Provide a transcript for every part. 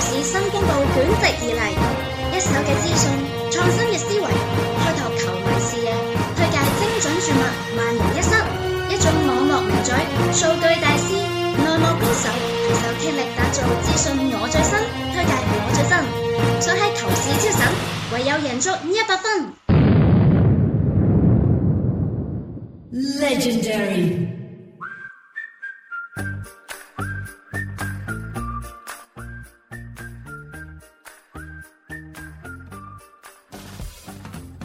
市新公佈捲席而嚟，一手嘅資訊，創新嘅思維，開拓球迷視野，推介精準注密，萬無一失。一種網絡名嘴、數據大師，內幕高手，攜手傾力打造資訊我最新，推介我最新，想喺球市超神，唯有贏足一百分。Legendary。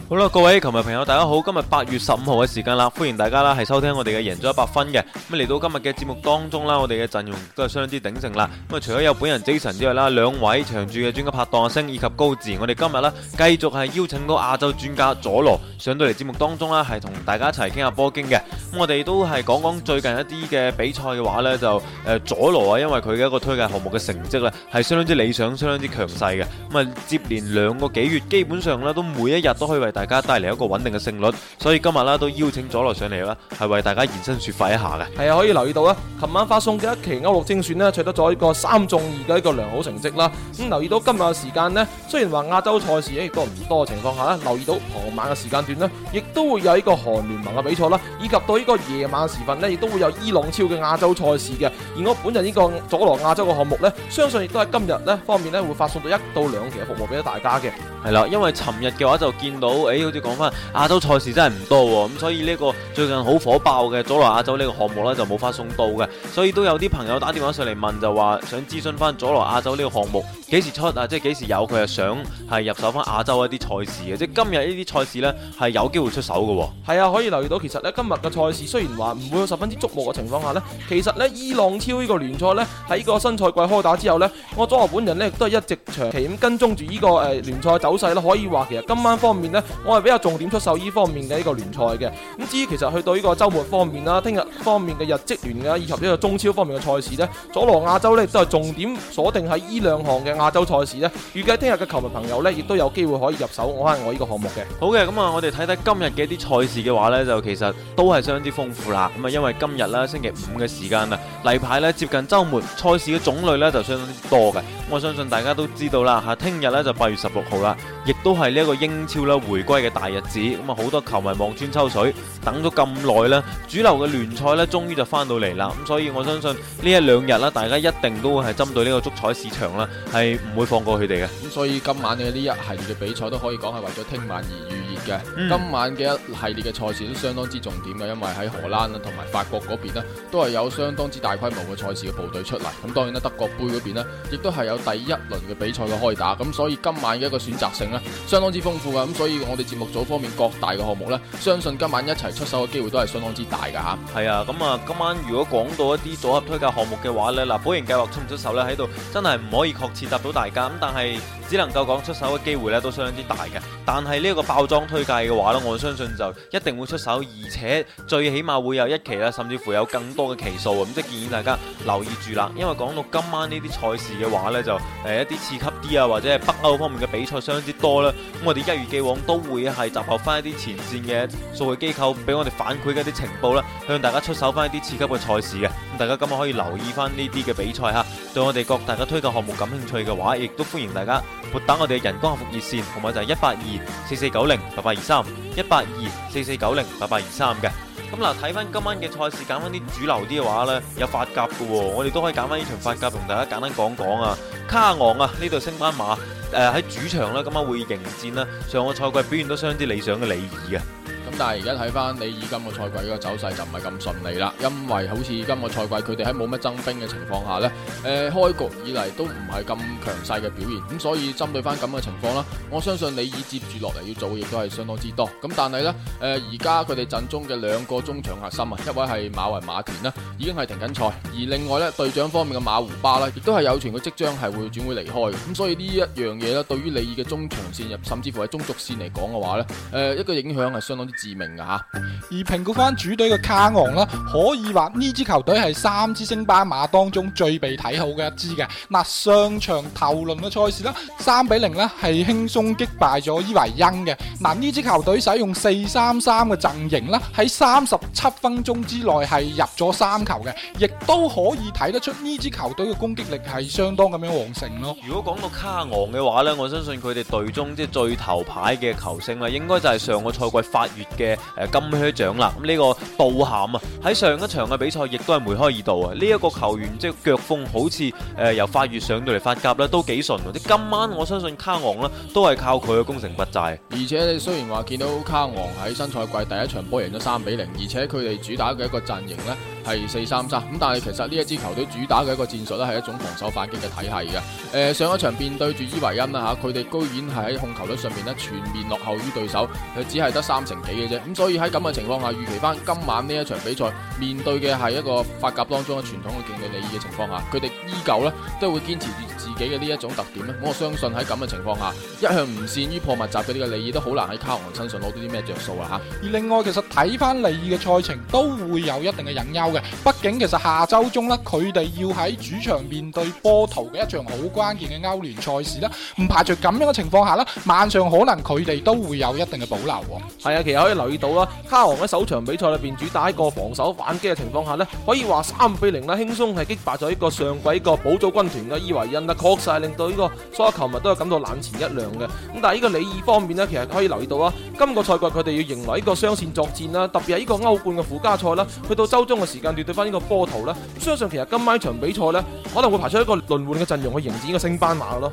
好啦，各位球迷朋友，大家好！今日八月十五號嘅時間啦，歡迎大家啦，係收聽我哋嘅贏足 100FUN 嘅。咁嚟到今日嘅節目當中啦，我哋嘅陣容都係相當之鼎盛啦。咁啊，除咗有本人 Jason 之外啦，兩位長駐嘅專家拍檔星以及高志，我哋今日啦繼續係邀請到亞洲專家佐羅上到嚟節目當中啦，係同大家一齊傾下波經嘅。咁我哋都係講講最近一啲嘅比賽嘅話咧，就誒佐羅啊，因為佢嘅一個推介項目嘅成績呢係相當之理想，相當之強勢嘅。咁啊，接連兩個幾月，基本上咧都每一日都可以為大家帶嚟一個穩定嘅勝率，所以今日呢都邀請佐羅上嚟啦，係為大家現身說法一下嘅。係啊，可以留意到啦，琴晚發送嘅一期歐陸精選呢，取得咗一個三中二嘅一個良好成績啦。咁、嗯、留意到今日嘅時間呢，雖然話亞洲賽事亦都唔多嘅情況下啦，留意到傍晚嘅時間段呢，亦都會有呢個韓聯盟嘅比賽啦，以及到呢個夜晚嘅時分呢，亦都會有伊朗超嘅亞洲賽事嘅。而我本人呢個佐羅亞洲嘅項目呢，相信亦都喺今日呢方面呢，會發送到一到兩期嘅服務俾大家嘅。係啦，因為尋日嘅話就見到。誒、哎，好似講翻亞洲賽事真係唔多喎，哦，咁所以呢個最近好火爆嘅佐羅亞洲呢個項目咧，就冇發送到嘅，所以都有啲朋友打電話上嚟問，就話想諮詢翻佐羅亞洲呢個項目。幾時出啊？即係幾時有佢啊？想係入手翻亞洲一啲賽事嘅，即係今日呢啲賽事呢，係有機會出手嘅。係啊，可以留意到，其實呢，今日嘅賽事雖然話唔會有十分之矚目嘅情況下呢。其實呢，伊朗超呢個聯賽呢，喺個新賽季開打之後呢，我左羅本人呢都係一直長期咁跟蹤住呢個誒聯賽走勢啦。可以話其實今晚方面呢，我係比較重點出售呢方面嘅呢個聯賽嘅。咁至於其實去到呢個週末方面啦，聽日方面嘅日職聯啊，以及呢個中超方面嘅賽事呢，左羅亞洲呢，都係重點鎖定喺呢兩項嘅。亞洲賽事呢，預計聽日嘅球迷朋友呢，亦都有機會可以入手我翻我呢個項目嘅。好嘅，咁啊，我哋睇睇今日嘅一啲賽事嘅話呢，就其實都係相當之豐富啦。咁啊，因為今日啦，星期五嘅時間啊，例牌呢，接近周末，賽事嘅種類呢就相當之多嘅。我相信大家都知道啦，吓，聽日呢就八月十六號啦。亦都係呢一個英超啦，回歸嘅大日子，咁啊好多球迷望穿秋水，等咗咁耐啦，主流嘅聯賽咧，終於就翻到嚟啦。咁所以我相信呢一兩日啦，大家一定都會係針對呢個足彩市場啦，係唔會放過佢哋嘅。咁所以今晚嘅呢一系列嘅比賽都可以講係為咗聽晚而預熱嘅。今晚嘅一系列嘅賽事都相當之重點嘅，因為喺荷蘭啊同埋法國嗰邊咧，都係有相當之大規模嘅賽事嘅部隊出嚟。咁當然啦德國盃嗰邊咧，亦都係有第一輪嘅比賽嘅開打。咁所以今晚嘅一個選擇性相當之豐富噶，咁所以我哋節目組方面各大嘅項目呢，相信今晚一齊出手嘅機會都係相當之大嘅吓。係啊，咁、嗯、啊，今晚如果講到一啲組合推介項目嘅話呢，嗱，保盈計劃出唔出手呢？喺度真係唔可以確切答到大家，咁但係只能夠講出手嘅機會呢都相當之大嘅。但係呢個包裝推介嘅話呢，我相信就一定會出手，而且最起碼會有一期啦，甚至乎有更多嘅期數啊，咁即係建議大家留意住啦。因為講到今晚呢啲賽事嘅話呢，就誒一啲刺激啲啊，或者係北歐方面嘅比賽相當之咁我哋一如既往都會係集合翻一啲前線嘅數據機構，俾我哋反饋嘅一啲情報啦，向大家出手翻一啲刺激嘅賽事嘅，咁大家今日可以留意翻呢啲嘅比賽吓，對我哋各大家推介項目感興趣嘅話，亦都歡迎大家撥打我哋嘅人工客服熱線，同埋就係一八二四四九零八八二三一八二四四九零八八二三嘅。咁嗱，睇翻今晚嘅賽事，揀翻啲主流啲嘅話有法甲嘅喎，我哋都可以揀翻呢場法甲，同大家簡單講講啊。卡昂啊，呢升班馬，呃、在喺主場咧，今晚會迎戰啦。上個賽季表現都相當之理想嘅里爾啊。但係而家睇翻李爾今個賽季個走勢就唔係咁順利啦，因為好似今個賽季佢哋喺冇乜增兵嘅情況下呢，誒、呃、開局以嚟都唔係咁強勢嘅表現，咁所以針對翻咁嘅情況啦，我相信李爾接住落嚟要做嘅亦都係相當之多。咁但係呢，誒而家佢哋陣中嘅兩個中場核心啊，一位係馬云馬田啦，已經係停緊賽，而另外呢，隊長方面嘅馬胡巴咧，亦都係有傳佢即將係會轉會離開嘅。咁所以呢一樣嘢呢，對於李爾嘅中場線入，甚至乎係中軸線嚟講嘅話呢，誒、呃、一個影響係相當之。而評估翻主隊嘅卡昂啦，可以話呢支球隊係三支升班馬當中最被睇好嘅一支嘅。嗱，上場頭輪嘅賽事啦，三比零呢係輕鬆擊敗咗伊維因嘅。嗱，呢支球隊使用四三三嘅陣型啦，喺三十七分鐘之內係入咗三球嘅，亦都可以睇得出呢支球隊嘅攻擊力係相當咁樣旺盛咯。如果講到卡昂嘅話呢，我相信佢哋隊中即係最頭牌嘅球星啦，應該就係上個賽季發越嘅誒金靴獎啦，咁、這、呢個道坎啊，喺上一場嘅比賽亦都係梅開二度啊！呢、這、一個球員即係腳風好似誒由法乙上到嚟法甲啦，都幾順喎！即今晚我相信卡昂咧都係靠佢嘅攻城拔寨。而且你雖然話見到卡昂喺新賽季第一場波贏咗三比零，而且佢哋主打嘅一個陣型呢係四三三咁，但係其實呢一支球隊主打嘅一個戰術呢係一種防守反擊嘅體系嘅。誒、呃、上一場面對住伊維恩啦嚇，佢哋居然係喺控球率上面呢全面落後於對手，佢只係得三成幾咁所以喺咁嘅情況下，預期翻今晚呢一場比賽面對嘅係一個法甲當中嘅傳統嘅勁旅利益嘅情況下，佢哋依舊咧都會堅持住自己嘅呢一種特點咧。我相信喺咁嘅情況下，一向唔擅於破密集嘅呢個利益都好難喺卡皇身上攞到啲咩着數啦嚇。而另外其實睇翻利義嘅賽程都會有一定嘅隱憂嘅，畢竟其實下周中呢，佢哋要喺主場面對波圖嘅一場好關鍵嘅歐聯賽事咧，唔排除咁樣嘅情況下呢晚上可能佢哋都會有一定嘅保留喎。係啊，其實留意到啦，卡昂喺首場比賽裏邊主打一個防守反擊嘅情況下呢，可以話三比零啦，輕鬆係擊敗咗呢個上季個補組軍團嘅伊維恩啦，確實係令到呢個所有球迷都有感到眼前一亮嘅。咁但係呢個理意方面呢，其實可以留意到啦，今個賽季佢哋要迎來一個雙線作戰啦，特別係呢個歐冠嘅附加賽啦，去到周中嘅時間段對翻呢個波圖啦，相信其實今晚場比賽呢，可能會排出一個輪換嘅陣容去迎戰呢個升班馬咯。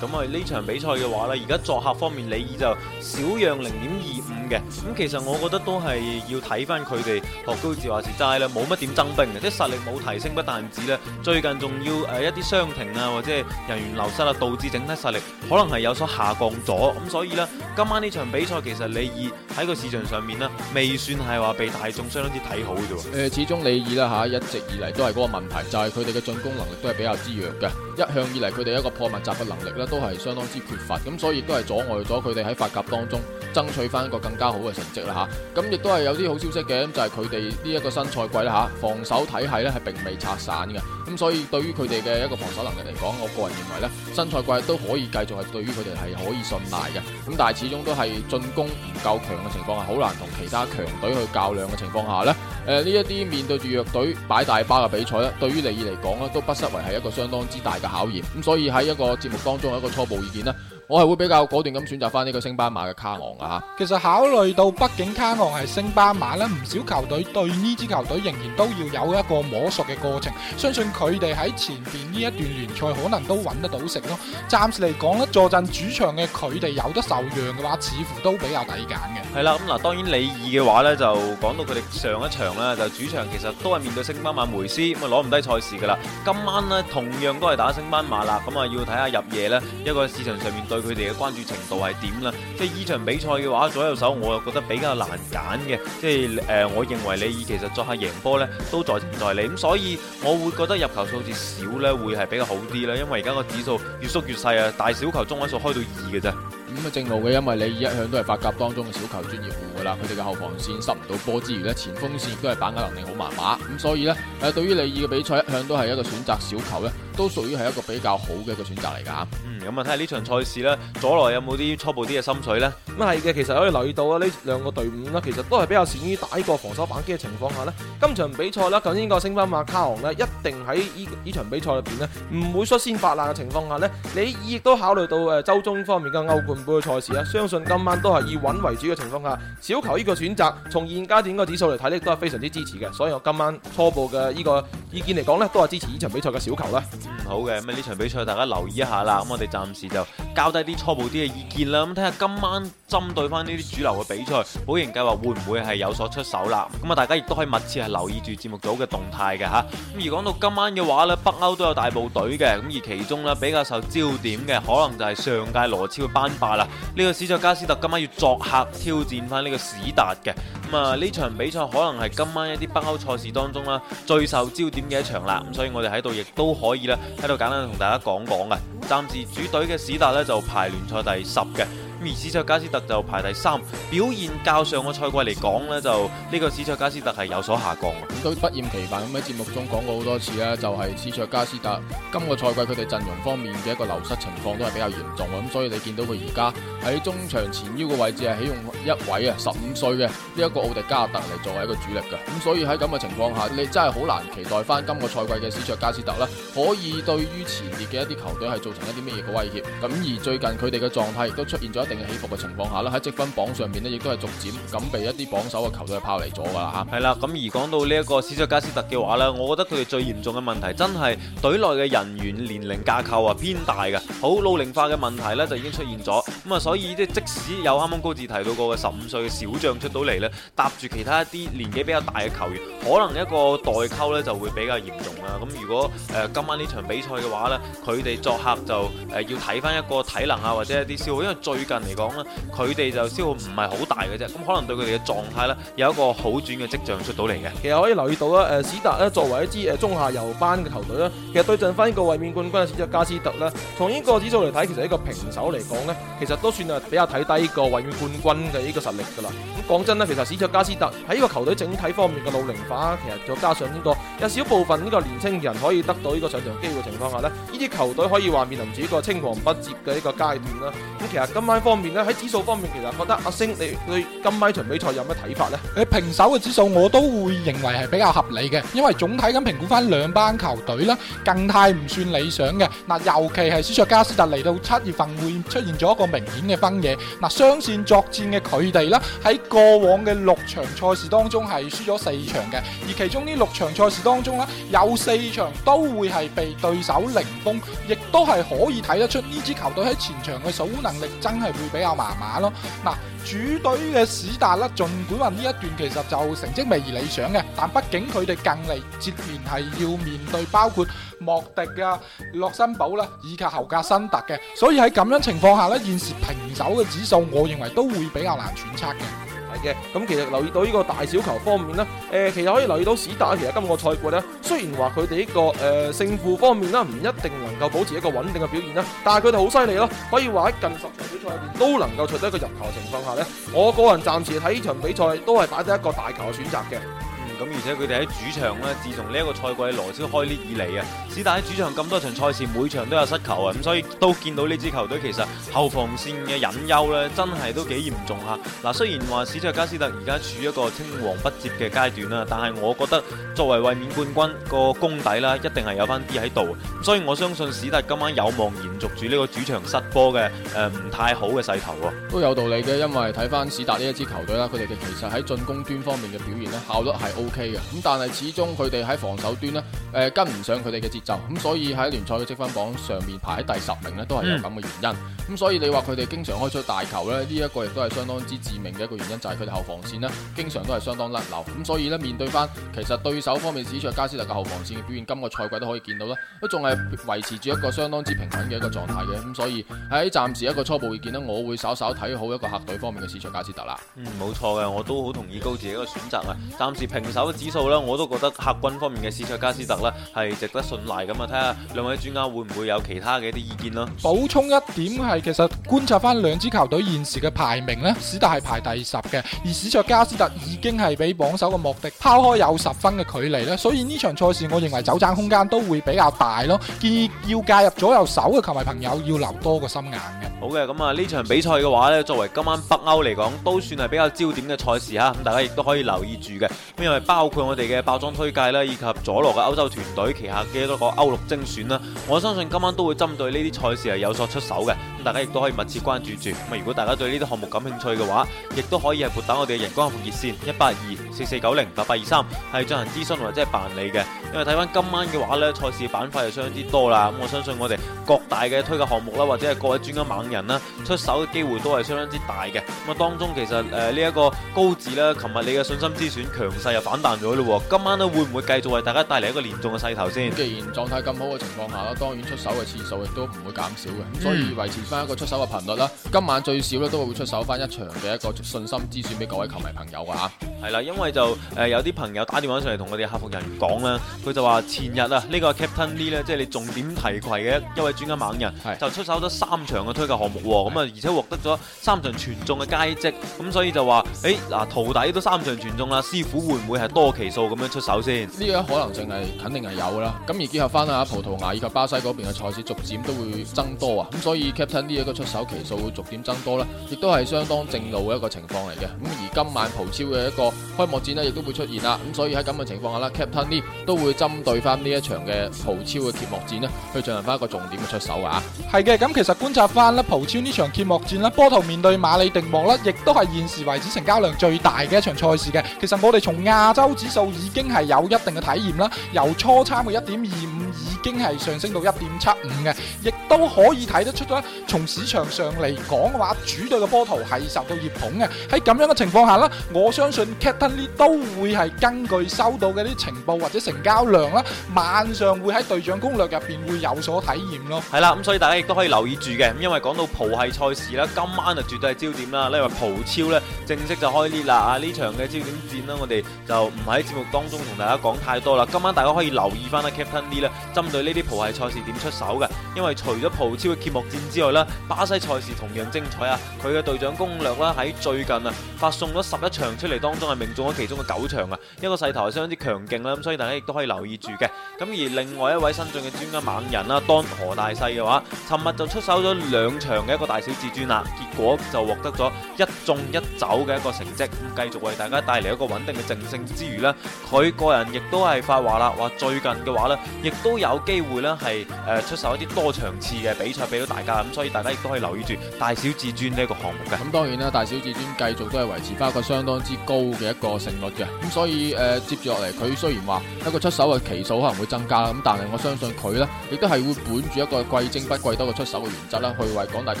咁啊，呢場比賽嘅話呢，而家作客方面，利爾就少讓零點二五嘅。咁其實我覺得都係要睇翻佢哋，學高志還是齋啦，冇乜點增兵嘅，即係實力冇提升不但止呢。最近仲要誒一啲傷停啊，或者人員流失啊，導致整體實力可能係有所下降咗。咁所以呢，今晚呢場比賽其實利爾喺個市場上面呢，未算係話被大眾相當之睇好嘅啫喎。誒，始終利爾啦嚇一直以嚟都係嗰個問題，就係佢哋嘅進攻能力都係比較之弱嘅，一向以嚟佢哋一個破密集嘅能力啦都係相當之缺乏，咁所以亦都係阻礙咗佢哋喺法甲當中，爭取翻一個更加好嘅成績啦嚇，咁亦都係有啲好消息嘅，咁就係佢哋呢一個新賽季啦嚇，防守體系咧係並未拆散嘅，咁所以對於佢哋嘅一個防守能力嚟講，我個人認為咧，新賽季都可以繼續係對於佢哋係可以信賴嘅，咁但係始終都係進攻唔夠強嘅情況下，好難同其他強隊去較量嘅情況下咧，誒呢一啲面對住弱隊擺大巴嘅比賽咧，對於你嚟講咧，都不失為係一個相當之大嘅考驗，咁所以喺一個節目當中有一個初步意見啦。我係會比較果斷咁選擇翻呢個升班馬嘅卡昂噶嚇。其實考慮到畢竟卡昂係升班馬咧，唔少球隊對呢支球隊仍然都要有一個摸索嘅過程。相信佢哋喺前邊呢一段聯賽可能都揾得到食咯。暫時嚟講咧，坐鎮主場嘅佢哋有得受讓嘅話，似乎都比較抵揀嘅。係啦，咁嗱當然里爾嘅話咧，就講到佢哋上一場咧，就主場其實都係面對升班馬梅斯，咪攞唔低賽事噶啦。今晚咧同樣都係打升班馬啦，咁啊要睇下入夜咧一個市場上面對。佢哋嘅關注程度係點啦？即係呢場比賽嘅話，左右手我又覺得比較難揀嘅。即係誒、呃，我認為你以其實作下贏波咧，都在情在理。咁所以我會覺得入球數字少咧，會係比較好啲啦，因為而家個指數越縮越細啊，大小球中位數開到二嘅啫。咁啊正路嘅，因為你以一向都係法甲當中嘅小球專業戶噶啦，佢哋嘅後防線塞唔到波之餘咧，前鋒線亦都係把握能力好麻麻。咁所以咧，誒，對於李二嘅比賽一向都係一個選擇小球咧，都屬於係一個比較好嘅一個選擇嚟噶，嗯，咁啊睇下呢場賽事啦，佐萊有冇啲初步啲嘅心水呢？咁係嘅，其實可以留意到啊，呢兩個隊伍呢，其實都係比較善於打呢個防守反擊嘅情況下呢，今場比賽啦，頭先個升班馬卡昂呢，一定喺呢呢場比賽入邊呢，唔會率先發難嘅情況下呢，你亦都考慮到誒周中方面嘅歐冠杯嘅賽事啊，相信今晚都係以穩為主嘅情況下，小球呢個選擇，從現階段個指數嚟睇呢，都係非常之支持嘅，所以我今晚初步嘅呢個意見嚟講呢，都係支持呢場比賽嘅小球啦。唔好嘅，咁呢場比賽大家留意一下啦。咁我哋暫時就交低啲初步啲嘅意見啦。咁睇下今晚針對翻呢啲主流嘅比賽，保贏計劃會唔會係有所出手啦？咁啊，大家亦都可以密切係留意住節目組嘅動態嘅吓。咁而講到今晚嘅話呢，北歐都有大部隊嘅，咁而其中呢，比較受焦點嘅，可能就係上屆羅超嘅班霸啦。呢個史賽加斯特今晚要作客挑戰翻呢個史達嘅。咁、嗯、啊，呢場比賽可能係今晚一啲北歐賽事當中啦，最受焦點嘅一場啦，咁所以我哋喺度亦都可以咧，喺度簡單同大家講講嘅。暫時主隊嘅史達呢就排聯賽第十嘅。而史卓加斯特就排第三，表現較上個賽季嚟講呢，就呢個史卓加斯特係有所下降。咁都不厭其煩咁喺節目中講過好多次啦，就係史卓加斯特今個賽季佢哋陣容方面嘅一個流失情況都係比較嚴重。咁所以你見到佢而家喺中場前腰嘅位置係起用一位啊十五歲嘅呢一個奧迪加特嚟作為一個主力嘅。咁所以喺咁嘅情況下，你真係好難期待翻今個賽季嘅史卓加斯特啦，可以對於前列嘅一啲球隊係造成一啲咩嘢嘅威脅。咁而最近佢哋嘅狀態亦都出現咗定的起伏嘅情況下呢，喺積分榜上面呢，亦都係逐漸咁被一啲榜首嘅球隊拋離咗㗎啦嚇。係啦，咁而講到呢一個斯賽加斯特嘅話呢，我覺得佢哋最嚴重嘅問題真係隊內嘅人員年齡架構啊偏大嘅，好老齡化嘅問題呢就已經出現咗。咁啊，所以即即使有啱啱高志提到過嘅十五歲嘅小將出到嚟呢，搭住其他一啲年紀比較大嘅球員，可能一個代溝呢就會比較嚴重啦。咁如果誒今晚呢場比賽嘅話呢，佢哋作客就誒要睇翻一個體能啊，或者一啲消耗，因為最近。嚟講咧，佢哋就消耗唔係好大嘅啫，咁可能對佢哋嘅狀態呢，有一個好轉嘅跡象出到嚟嘅。其實可以留意到啦，誒史達咧作為一支誒中下游班嘅球隊咧，其實對陣翻呢個衛冕冠軍嘅史卓加斯特咧，從呢個指數嚟睇，其實一個平手嚟講呢，其實都算係比較睇低呢個衛冕冠軍嘅呢個實力噶啦。咁講真呢，其實史卓加斯特喺呢個球隊整體方面嘅老齡化，其實再加上呢個有少部分呢個年青人可以得到呢個上場機會嘅情況下呢，呢啲球隊可以話面臨住一個青黃不接嘅呢個階段啦。咁其實今晚方面咧，喺指數方面，其實覺得阿星你對今晚一場比賽有咩睇法咧？誒，平手嘅指數我都會認為係比較合理嘅，因為總體咁評估翻兩班球隊啦，近態，唔算理想嘅。嗱，尤其係斯卓加斯特嚟到七月份會出現咗一個明顯嘅分野。嗱，雙線作戰嘅佢哋啦，喺過往嘅六場賽事當中係輸咗四場嘅，而其中呢六場賽事當中啦，有四場都會係被對手零封，亦都係可以睇得出呢支球隊喺前場嘅守護能力真係，會比較麻麻咯。嗱，主隊嘅史達啦，儘管話呢一段其實就成績未如理想嘅，但畢竟佢哋近嚟接連係要面對包括莫迪啊、洛辛堡啦以及侯格辛特嘅，所以喺咁樣的情況下咧，現時平手嘅指數，我認為都會比較難揣測嘅。嘅咁，其實留意到呢個大小球方面呢，誒，其實可以留意到史達其實今個賽季呢，雖然話佢哋呢個誒、呃、勝負方面呢，唔一定能夠保持一個穩定嘅表現啦，但係佢哋好犀利咯，可以話喺近十場比賽入面都能夠取得一個入球情況下呢，我個人暫時睇呢場比賽都係打咗一個大球嘅選擇嘅。咁而且佢哋喺主場咧，自從呢一個賽季羅超開列以嚟啊，史達喺主場咁多場賽事，每場都有失球啊，咁所以都見到呢支球隊其實後防線嘅隱憂咧，真係都幾嚴重吓，嗱，雖然話史卓加斯特而家處於一個青黃不接嘅階段啦，但係我覺得作為衛冕冠軍個功底啦，一定係有翻啲喺度，所以我相信史達今晚有望延續住呢個主場失波嘅誒唔太好嘅勢頭。都有道理嘅，因為睇翻史達呢一支球隊啦，佢哋嘅其實喺進攻端方面嘅表現咧，效率係 O K 嘅。咁，但係始終佢哋喺防守端咧，誒、呃、跟唔上佢哋嘅節奏，咁、嗯、所以喺聯賽嘅積分榜上面排喺第十名呢，都係有咁嘅原因。咁、嗯嗯、所以你話佢哋經常開出大球呢，呢、這、一個亦都係相當之致命嘅一個原因，就係佢哋後防線呢，經常都係相當甩流。咁、嗯、所以呢，面對翻其實對手方面，史卓加斯特嘅後防線嘅表現，今、這個賽季都可以見到啦，都仲係維持住一個相當之平穩嘅一個狀態嘅。咁、嗯、所以喺暫時一個初步意見呢，我會稍稍睇好一個客隊方面嘅史卓加斯特啦。冇、嗯、錯嘅，我都好同意高志嘅一個選擇啊。暫時平嗰個指數呢，我都覺得客軍方面嘅史卓加斯特呢係值得信賴咁啊！睇下兩位專家會唔會有其他嘅一啲意見咯？補充一點係，其實觀察翻兩支球隊現時嘅排名呢，史特係排第十嘅，而史卓加斯特已經係比榜首嘅莫迪拋開有十分嘅距離呢。所以呢場賽事我認為走盞空間都會比較大咯。建議要介入左右手嘅球迷朋友要留多個心眼嘅。好嘅，咁啊呢場比賽嘅話呢，作為今晚北歐嚟講都算係比較焦點嘅賽事哈，咁大家亦都可以留意住嘅，因為，包括我哋嘅包裝推介啦，以及佐羅嘅歐洲團隊旗下嘅多個歐陸精選啦，我相信今晚都會針對呢啲賽事係有所出手嘅，咁大家亦都可以密切關注住。咁如果大家對呢啲項目感興趣嘅話，亦都可以係撥打我哋嘅陽光客服熱線一八二四四九零八八二三係進行諮詢或者係辦理嘅。因為睇翻今晚嘅話呢，賽事板塊係相當之多啦，咁我相信我哋各大嘅推介項目啦，或者係各位專家猛人啦，出手嘅機會都係相當之大嘅。咁啊，當中其實誒呢一個高志啦，琴日你嘅信心之選強勢反彈咗咯喎！今晚咧會唔會繼續為大家帶嚟一個連中嘅勢頭先？既然狀態咁好嘅情況下啦，當然出手嘅次數亦都唔會減少嘅。所以維持翻一個出手嘅頻率啦。今晚最少咧都會出手翻一場嘅一個信心之選俾各位球迷朋友㗎嚇。係啦，因為就誒有啲朋友打電話上嚟同我哋客服人員講啦，佢就話前日啊呢個 Captain D 咧，即係你重點提攜嘅一位專家猛人，就出手咗三場嘅推介項目喎。咁啊，而且獲得咗三場全中嘅佳績，咁所以就話誒嗱徒弟都三場全中啦，師傅會唔會？係多期數咁樣出手先，呢個可能性係肯定係有啦。咁而結合翻啊，葡萄牙以及巴西嗰邊嘅賽事，逐漸都會增多啊。咁所以 Captain 呢一個出手期數會逐漸增多啦，亦都係相當正路嘅一個情況嚟嘅。咁而今晚葡超嘅一個開幕戰呢亦都會出現啦。咁所以喺咁嘅情況下啦，Captain 呢都會針對翻呢一場嘅葡超嘅揭幕戰呢去進行翻一個重點嘅出手啊。吓。係嘅，咁其實觀察翻啦，葡超呢場揭幕戰啦，波圖面對馬里迪莫啦，亦都係現時為止成交量最大嘅一場賽事嘅。其實我哋從亞洲指數已經係有一定嘅體驗啦，由初參嘅一點二五已經係上升到一點七五嘅，亦都可以睇得出咗。從市場上嚟講嘅話，主隊嘅波圖係受到熱捧嘅。喺咁樣嘅情況下啦，我相信 Cataly 都會係根據收到嘅啲情報或者成交量啦，晚上會喺對象攻略入邊會有所體驗咯。係啦，咁所以大家亦都可以留意住嘅。咁因為講到葡係賽事啦，今晚就絕對係焦點啦。例如葡超咧，正式就開啲啦。啊，呢場嘅焦點戰啦，我哋就～唔喺節目當中同大家講太多啦，今晚大家可以留意翻啦，Captain Lee 咧針對呢啲葡系賽事點出手嘅，因為除咗葡超嘅揭幕戰之外咧，巴西賽事同樣精彩啊！佢嘅隊長攻略啦，喺最近啊發送咗十一場出嚟當中係命中咗其中嘅九場啊，一個勢頭相當之強勁啦，咁所以大家亦都可以留意住嘅。咁而另外一位新晉嘅專家猛人啦，當何大勢嘅話，尋日就出手咗兩場嘅一個大小至尊啦，結果就獲得咗一中一走嘅一個成績，咁繼續為大家帶嚟一個穩定嘅正勝。之餘呢，佢個人亦都係發話啦，話最近嘅話呢，亦都有機會呢係誒、呃、出手一啲多場次嘅比賽俾到大家，咁、嗯、所以大家亦都可以留意住大小至尊呢個項目嘅。咁當然啦，大小至尊繼續都係維持翻一個相當之高嘅一個勝率嘅。咁所以誒、呃、接住落嚟，佢雖然話一個出手嘅期數可能會增加，咁但係我相信佢呢亦都係會本住一個貴精不貴多嘅出手嘅原則啦，去為廣大球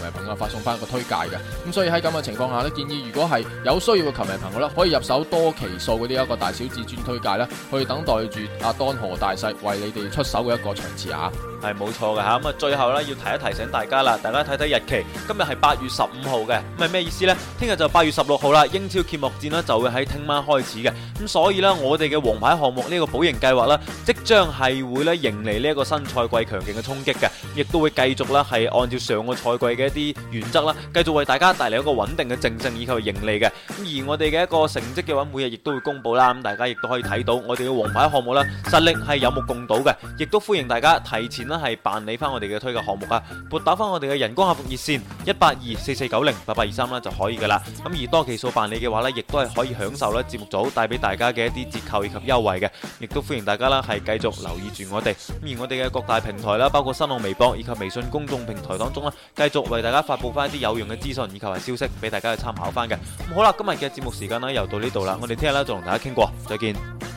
迷朋友發送翻一個推介嘅。咁所以喺咁嘅情況下呢，建議如果係有需要嘅球迷朋友咧，可以入手多期數嗰啲一個。大小至尊推介咧，去等待住阿當河大細為你哋出手嘅一個場次啊！係冇錯嘅吓，咁啊最後咧要提一提醒大家啦，大家睇睇日期，今日係八月十五號嘅，咁係咩意思呢？聽日就八月十六號啦，英超揭幕戰呢，就會喺聽晚開始嘅，咁所以呢，我哋嘅王牌項目呢個保盈計劃呢，即將係會呢，迎嚟呢一個新賽季強勁嘅衝擊嘅，亦都會繼續啦。係按照上個賽季嘅一啲原則啦，繼續為大家帶嚟一個穩定嘅正勝以及盈利嘅。咁而我哋嘅一個成績嘅話，每日亦都會公布啦，咁大家亦都可以睇到我哋嘅王牌項目咧實力係有目共睹嘅，亦都歡迎大家提前。係辦理翻我哋嘅推介項目啊！撥打翻我哋嘅人工客服熱線一八二四四九零八八二三啦就可以噶啦。咁而多期數辦理嘅話呢，亦都係可以享受呢節目組帶俾大家嘅一啲折扣以及優惠嘅。亦都歡迎大家啦，係繼續留意住我哋。咁而我哋嘅各大平台啦，包括新浪微博以及微信公衆平台當中啦，繼續為大家發布翻一啲有用嘅資訊以及係消息俾大家去參考翻嘅。咁好啦，今日嘅節目時間呢，又到呢度啦，我哋聽日呢，就同大家傾過，再見。